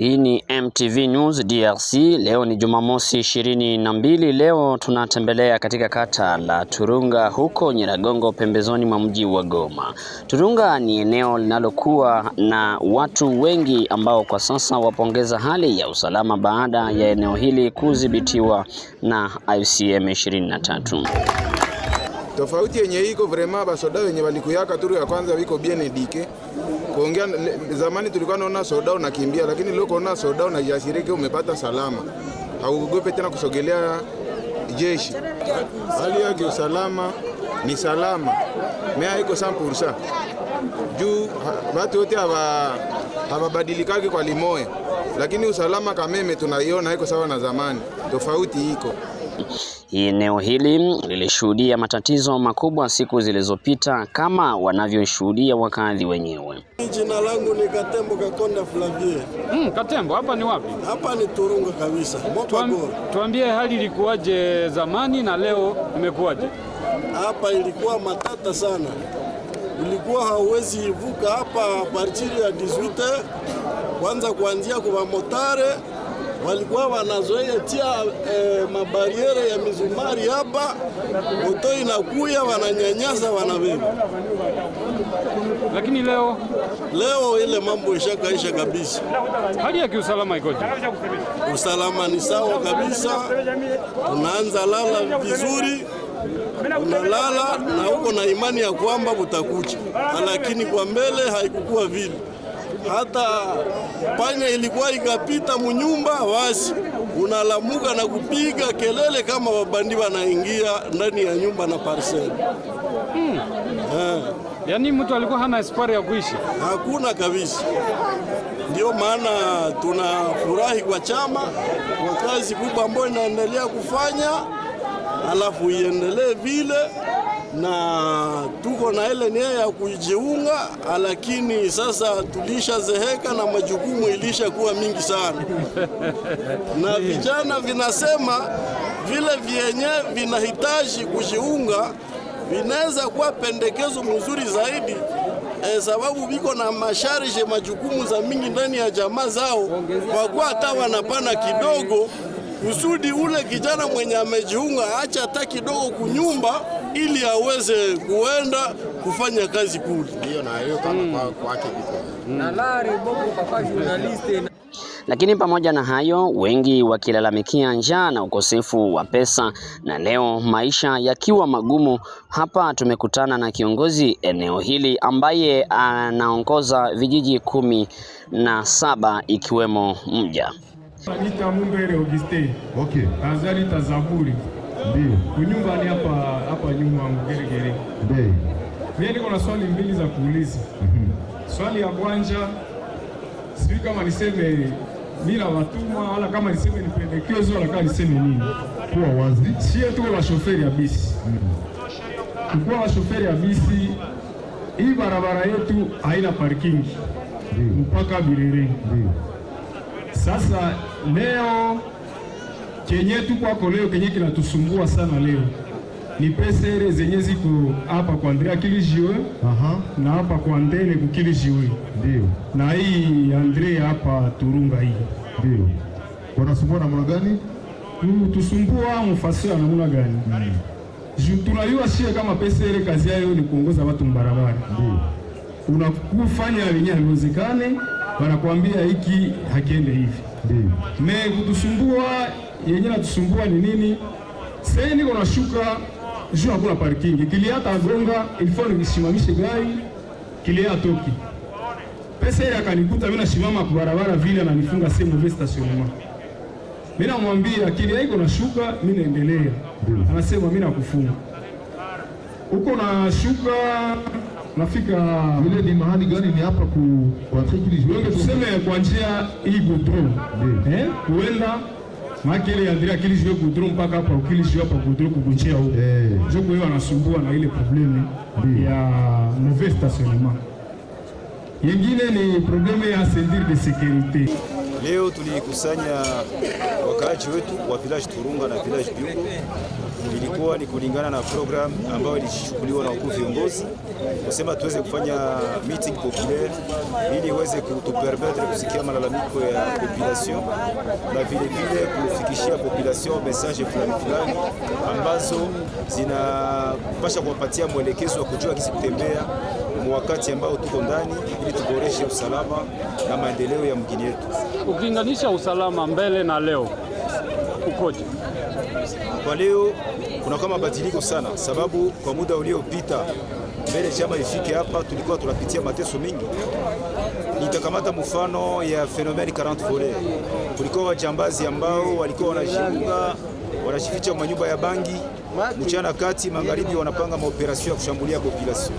Hii ni MTV News DRC. Leo ni Jumamosi ishirini na mbili. Leo tunatembelea katika kata la Turunga huko Nyiragongo, pembezoni mwa mji wa Goma. Turunga ni eneo linalokuwa na watu wengi ambao kwa sasa wapongeza hali ya usalama baada ya eneo hili kudhibitiwa na ICM 23. Tofauti yenye iko vrema basoda wenye walikuyaka turu ya kwanza wiko bien dike kuongea. Zamani tulikuwa naona soda unakimbia, lakini leo kuona soda unajashiriki, umepata salama, hauogope tena kusogelea jeshi. Hali yake usalama ni salama, mea iko 100% juu watu wote hawabadilikaki kwa limoya, lakini usalama kameme tunaiona iko sawa na zamani, tofauti iko Eneo hili lilishuhudia matatizo makubwa siku zilizopita kama wanavyoshuhudia wakazi wenyewe. Jina langu ni Katembo Kakonda Flavie. Mm, Katembo, hapa ni wapi? Hapa ni Turunga kabisa. Tuam, tuambie hali ilikuwaje zamani na leo imekuwaje? Hapa ilikuwa matata sana, ilikuwa hauwezi ivuka hapa partiri ya 18 kwanza kuanzia kwa motare walikuwa wanazoea tia eh, mabariere ya mizumari hapa, moto inakuya wananyanyasa, wanabeba. Lakini leo leo ile mambo ishakaisha kabisa. Hali ya kiusalama ikoje? Usalama ni sawa kabisa, tunaanza lala vizuri unalala na uko na imani ya kwamba utakucha, lakini kwa mbele haikukuwa vile hata panya ilikuwa ikapita munyumba, basi unalamuka na kupiga kelele kama wabandi wanaingia ndani ya nyumba na parcel. Hmm. Yeah. Yaani mtu alikuwa hana espari ya kuishi, hakuna kabisa. Ndio maana tunafurahi kwa chama kwa kazi kubwa ambayo inaendelea kufanya, alafu iendelee vile na tuko na ile nia ya kujiunga, lakini sasa tulishazeheka na majukumu ilishakuwa mingi sana na vijana vinasema vile vyenye vinahitaji kujiunga vinaweza kuwa pendekezo mzuri zaidi. E, sababu viko na masharishe majukumu za mingi ndani ya jamaa zao, kwa kuwa hata wanapana kidogo, kusudi ule kijana mwenye amejiunga acha hata kidogo kunyumba ili aweze kuenda kufanya kazi kule. Lakini pamoja na hayo, wengi wakilalamikia njaa na ukosefu wa pesa, na leo maisha yakiwa magumu. Hapa tumekutana na kiongozi eneo hili ambaye anaongoza vijiji kumi na saba ikiwemo Mja. Okay. Ndio. Kunyumba ni hapa hapa nyuma Mgeregere. Ndio. Mimi niko na swali mbili za kuuliza. Mm -hmm. Swali ya kwanza sijui kama niseme na watuma wala kama niseme ni pendekezo wala kama niseme nini. Kuwa wazi. Sie tu wa shoferi ya bisi. Mm -hmm. wa shoferi ya bisi. Hii barabara yetu haina parking. Ndio. Mpaka Birere. Ndio. Sasa leo chenye tu kwako leo kenye kinatusumbua sana leo ni pesa ile zenye ziko hapa kwa Andrea Kilijiwe uh-huh. na hapa kwa Ndele kukilijiwe ndio, na hii Andrea hapa Turunga hii ndio wanasumbua namna gani? Mm, tusumbua mufasi ya namna gani? mm. tunajua kama pesa ile kazi yao ni kuongoza watu mbarabara, ndio unakufanya yenyewe haiwezekane, wanakuambia hiki hakiende hivi, ndio me kutusumbua yenye natusumbua ni nini? Sasa niko nashuka juu, hakuna parking, kiliata agonga, ilifaa nisimamishe gari, kilia atoki pesa ile, akanikuta mimi nasimama kwa barabara vile, ananifunga sehemu vile stationnement. Mimi namwambia kilia iko nashuka, mimi naendelea, anasema mimi nakufunga huko, nashuka nafika ile ni mahali gani? Ni hapa ku tuseme kwa njia hii godro eh, kuenda makele ya Andrea kili sio kudro mpaka hapa ukili sio hapa kudro kukunjia huko. Hey. Eh. Joko yeye anasumbua na ile probleme ya mauvais stationnement. Yengine ni probleme ya sentir de sécurité. Leo tulikusanya wakaaji wetu wa village Turunga na village Biungo. Ilikuwa ni kulingana na program ambayo ilishukuliwa na wakuu viongozi kusema tuweze kufanya meeting populaire ili iweze kutupermettre kusikia malalamiko ya population na vile vile kufikishia population message fulani fulani ambazo zinapasha kuwapatia mwelekezo wa kujua kisi kutembea wakati ambao tuko ndani, ili tuboreshe usalama na maendeleo ya mjini yetu. Ukilinganisha usalama mbele na leo ukoje? Kwa leo kama mabadiliko sana, sababu kwa muda uliopita mbele chama ifike hapa tulikuwa tunapitia mateso mingi. Nitakamata mfano ya fenomeni 40 volets. Kulikuwa wajambazi ambao walikuwa wanajiunga wanajificha manyumba ya bangi mchana kati magharibi, wanapanga maoperasio ya kushambulia population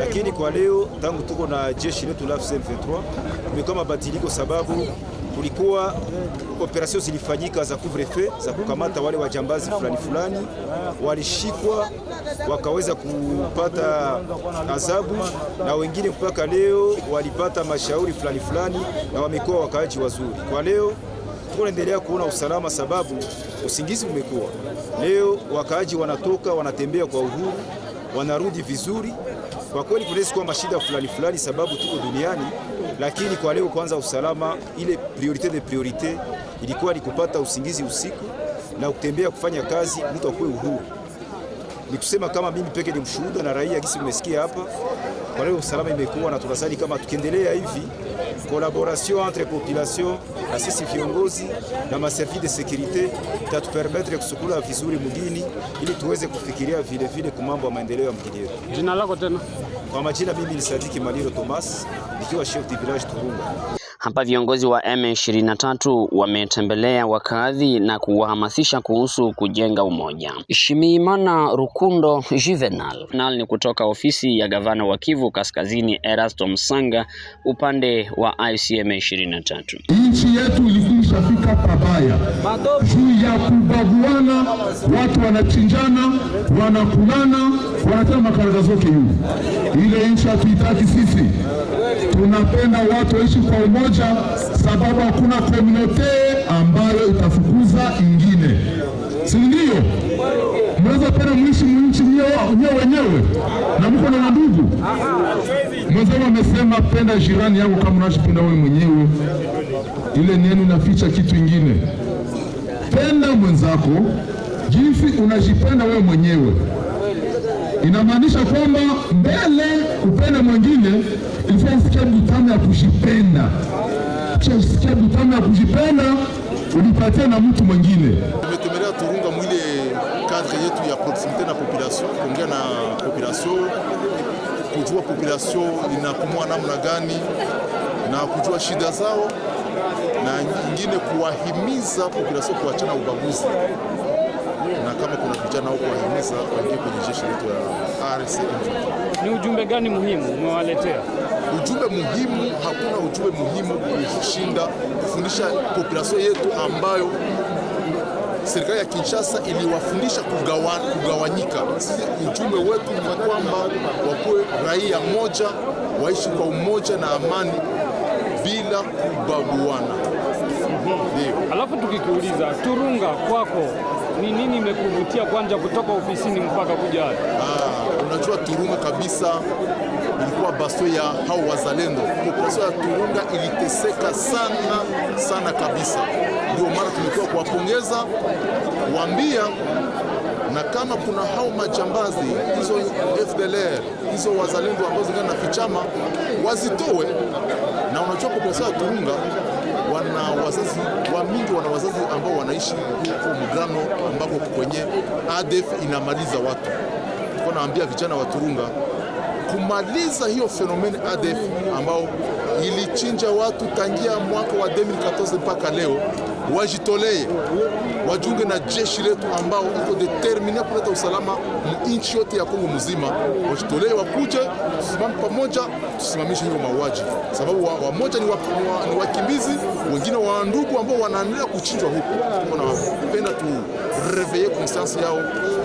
lakini kwa leo tangu tuko na jeshi letu la M23 kumekuwa mabadiliko, sababu kulikuwa operasion zilifanyika za couvre-feu za kukamata wale wajambazi fulani fulani, walishikwa wakaweza kupata adhabu, na wengine mpaka leo walipata mashauri fulani fulani, na wamekuwa wakaaji wazuri. Kwa leo tunaendelea kuona usalama, sababu usingizi umekuwa leo, wakaaji wanatoka wanatembea kwa uhuru, wanarudi vizuri kwa kweli tunaweza kwamba shida fulani fulani sababu tuko duniani, lakini kwa leo kwanza usalama, ile priorite de priorite ilikuwa ni kupata usingizi usiku na kutembea kufanya kazi, mtu akuwe uhuru. Ni kusema kama mimi peke ni mshuhuda na raia, gisi mmesikia hapa, kwa leo usalama imekuwa na tunasali kama tukiendelea hivi Collaboration entre population na sisi viongozi na maservice de sécurité itatupermettre kusukula vizuri mjini ili tuweze kufikiria vile vile kumambo ya maendeleo ya mjini wetu. Jina lako tena? Kwa majina mimi ni Sadiki Maliro Thomas nikiwa chef de village Turunga. Hapa viongozi wa M23 wametembelea wakazi na kuwahamasisha kuhusu kujenga umoja. Shimiimana Rukundo Juvenal ni kutoka ofisi ya gavana wa Kivu Kaskazini Erasto Msanga upande wa ICM 23. Nchi yetu ilikuwa pabaya juu ya kubaguana, watu wanachinjana, wanakulana, wanatema makaraka zote. hivi. ile nchi hatuitaki sisi, tunapenda watu waishi kwa umoja kuacha, sababu hakuna komunote ambayo itafukuza ingine, si ndio? Mnaweza penda mwishi mnchi nyewe wenyewe na mko na ndugu mwenzenu. Amesema penda jirani yako kama unashipenda wewe mwenyewe. Ile neno inaficha kitu ingine. Penda mwenzako jinsi unajipenda wewe mwenyewe inamaanisha kwamba mbele kupenda mwingine ilifaa usikia mjutano ya kujipenda kisha usikia butano ya kujipenda ulipatia na mtu mwingine. Umetemelea Turunga mwile kadre yetu ya proximite na population, kuongea na population, kujua population inakumua namna gani na kujua shida zao, na nyingine kuwahimiza population kuachana ubaguzi na kama kuna vijana huko wahimiza waingie kwenye jeshi letu ya rc Ni ujumbe gani muhimu umewaletea? ujumbe muhimu. Hakuna ujumbe muhimu kushinda kufundisha population yetu ambayo serikali ya Kinshasa iliwafundisha kugawanyika. Sisi ujumbe wetu ni kwamba wakuwe raia moja, waishi kwa umoja na amani bila kubaguana. Ndio. Alafu tukikuuliza Turunga, kwako ni nini imekuvutia kwanza kutoka ofisini mpaka kuja Ah, unajua Turunga kabisa ilikuwa baso ya hao wazalendo. Populasion ya Turunga iliteseka sana sana kabisa, ndio mara tumekuwa kuwapongeza wambia na kama kuna hao majambazi hizo FDLR hizo wazalendo ambao zingana na fichama wazitoe. Na unajua populasion ya Turunga wana wazazi wa mingi, wana wazazi ambao wanaishi huko mgano ambako kwenye ADF inamaliza watu. Tuko naambia vijana wa Turunga kumaliza hiyo fenomene ADF ambao ilichinja watu tangia mwaka wa 2014 mpaka leo, wajitolee wajunge na jeshi letu ambao iko determine kuleta usalama nchi yote ya Kongo mzima. Wajitolee wakuje, tusimame pamoja, tusimamishe hiyo mauaji, sababu wamoja wa ni wakimbizi wa, wa wengine wa ndugu ambao wanaendelea kuchinjwa huko. Tunapenda tu kureveye konsiansi yao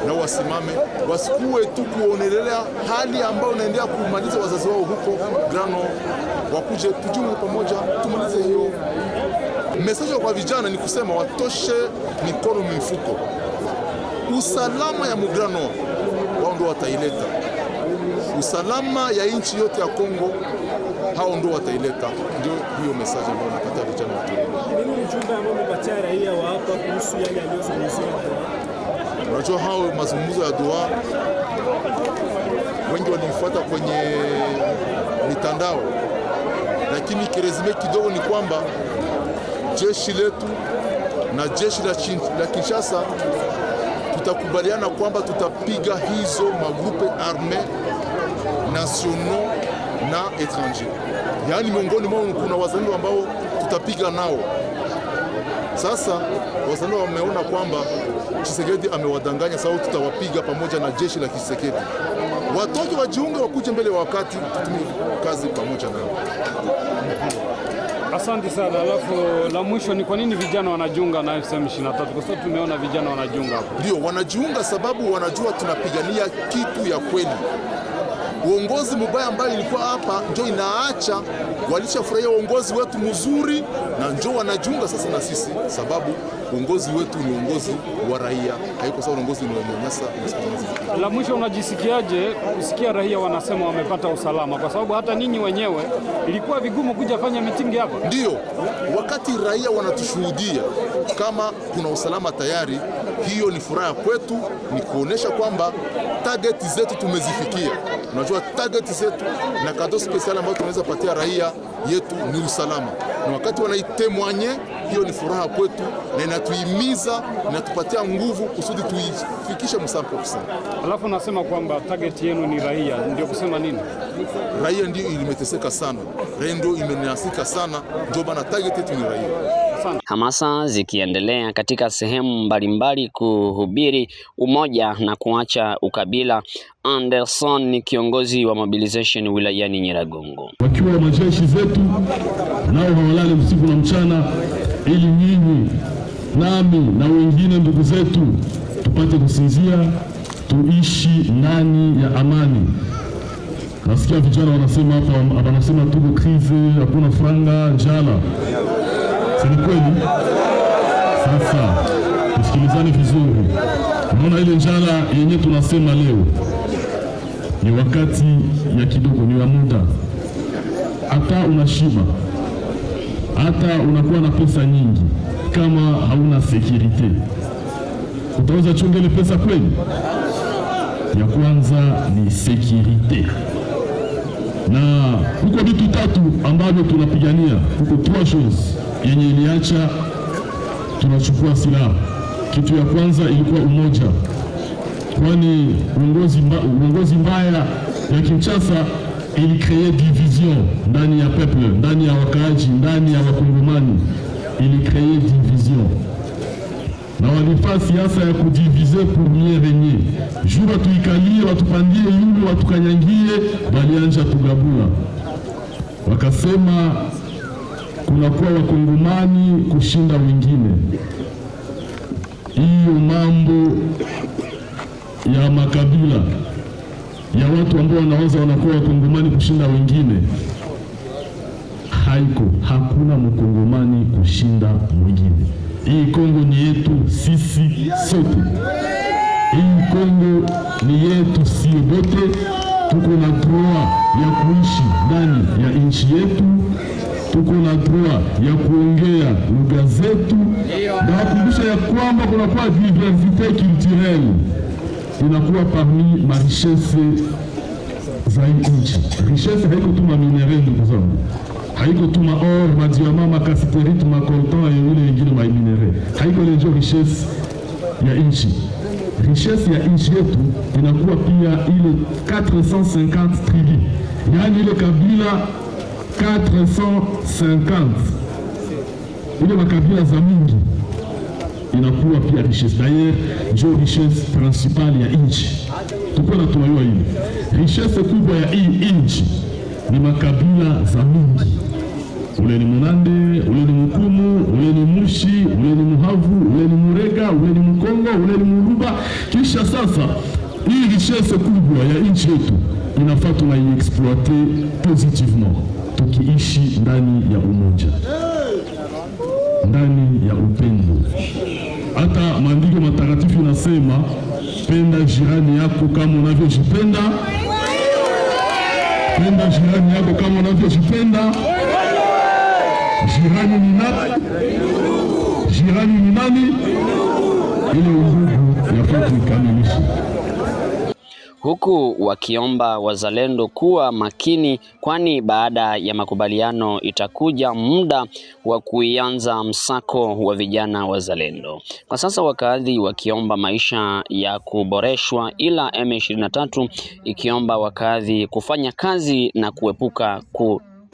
na wasimame, wasikuwe tu kuonelelea hali ambayo unaendelea kumaliza wazazi wao huko grano, wakuje tujunge pamoja tumalize hiyo. Meseji kwa vijana ni kusema watoshe mikono mifuko, usalama ya mugrano wao ndio wataileta usalama ya nchi yote ya Kongo, hao ndio wataileta. Ndio hiyo mesaji ambayo napata vijana watu ujumbe ambao umepatia raia wa hapa kuhusu yale yaliyozungumziwa? Unajua, hao mazungumzo ya dua, wengi walimfuata kwenye mitandao, lakini kirezime kidogo ni kwamba jeshi letu na jeshi la Kinshasa tutakubaliana kwamba tutapiga hizo magrupe arme nationaux na etranger, yaani miongoni mwao kuna wazalendo ambao tutapiga nao. Sasa wazalendo wameona kwamba Chisekedi amewadanganya, sababu tutawapiga pamoja na jeshi la Chisekedi. Watoto wajiunge, wakuje mbele wakati, tutumie kazi pamoja nao. Asante sana. Alafu la mwisho ni kwa nini vijana wanajiunga na FCM 23? Kwa sababu tumeona vijana wanajiunga hapo. Ndio wanajiunga sababu wanajua tunapigania kitu ya kweli uongozi mubaya ambayo ilikuwa hapa, njo inaacha walishafurahia uongozi wetu mzuri, na njo wanajiunga sasa na sisi, sababu uongozi wetu ni uongozi wa raia, haiko sawa uongozi unaonyanyasa. La mwisho, unajisikiaje kusikia raia wanasema wamepata usalama? Kwa sababu hata ninyi wenyewe ilikuwa vigumu kuja fanya mitingi hapa. Ndio wakati raia wanatushuhudia kama kuna usalama tayari, hiyo ni furaha kwetu, ni kuonesha kwamba target zetu tumezifikia. Unajua target zetu na kado special ambayo tunaweza patia raia yetu ni usalama, na wakati wanaitemwanye hiyo ni furaha kwetu na inatuhimiza, inatupatia nguvu kusudi tuifikishe msapsa. Alafu nasema kwamba target yenu ni raia, ndio kusema nini? Raia ndio ilimeteseka sana, raia ndio imenyanyasika sana, ndio bana target yetu ni raia. Hamasa zikiendelea katika sehemu mbalimbali kuhubiri umoja na kuacha ukabila. Anderson ni kiongozi wa mobilization wilayani Nyiragongo. Wakiwa majeshi zetu nao hawalali usiku na mchana, ili nyinyi nami na wengine ndugu zetu tupate kusinzia, tuishi ndani ya amani. Nasikia vijana wanasema hapa, wanasema tuko krizi, hakuna franga, njala ni kweli? Sasa tusikilizane vizuri. Unaona ile njala yenye tunasema leo ni wakati ya kidogo, ni ya muda. Hata unashiba, hata unakuwa na pesa nyingi, kama hauna sekurite, utaweza chunga ile pesa kweli? Ya kwanza ni sekurite na huko vitu tatu ambavyo tunapigania huko, trois choses yenye iliacha tunachukua silaha. Kitu ya kwanza ilikuwa umoja, kwani uongozi mba, uongozi mbaya ya Kinshasa ilikree division ndani ya peuple, ndani ya wakaaji, ndani ya wakongomani, ilikree division na walifaa siasa ya kudivize pour mieux regner. Juu watuikalie watupandie yule watukanyangie, walianja kugabula, wakasema tunakuwa wakongomani kushinda wengine. Hiyo mambo ya makabila ya watu ambao wanaweza wanakuwa wakongomani kushinda wengine haiko. Hakuna mkongomani kushinda mwingine. Hii Kongo ni yetu sisi sote. Hii Kongo ni yetu sisi bote, tuko na droa ya kuishi ndani ya nchi yetu tuko na droit ya kuongea lugha zetu, na wakumbusha ya kwamba kunakuwa diversite culturelle inakuwa parmi ma richesse za nchi. Richesse haiko tu maminere, ndugu zangu, haiko tu maor, madiama, makasiterite, makoltan yengine yengine, maminere haiko lenjo richesse ya nchi richesse ya nchi yetu inakuwa pia ile 450 tribu, yaani ile kabila 450 ile makabila za mingi inakuwa pia richesse. D'ailleurs ndio richesse principale ya nchi, tukuwa natumayiwa hili. Richesse kubwa ya hii nchi ni makabila za mingi ule ni Munande, ule ni Mkumu, ule ni Mushi, ule ni Muhavu, ule ni Murega, ule ni Mkongo, ule ni Muluba. Kisha sasa hii richesse kubwa ya nchi yetu inafaa tunaiexploite positivement tukiishi ndani ya umoja, ndani ya upendo. Hata maandiko matakatifu inasema penda jirani yako kama unavyojipenda, penda jirani yako kama unavyojipenda. Jirani ni nani? Jirani ni nani? Ile undugu yafaa tuikamilishe huku wakiomba wazalendo kuwa makini, kwani baada ya makubaliano itakuja muda wa kuianza msako wa vijana wazalendo. Kwa sasa wakaadhi wakiomba maisha ya kuboreshwa, ila M23 ikiomba wakaadhi kufanya kazi na kuepuka ku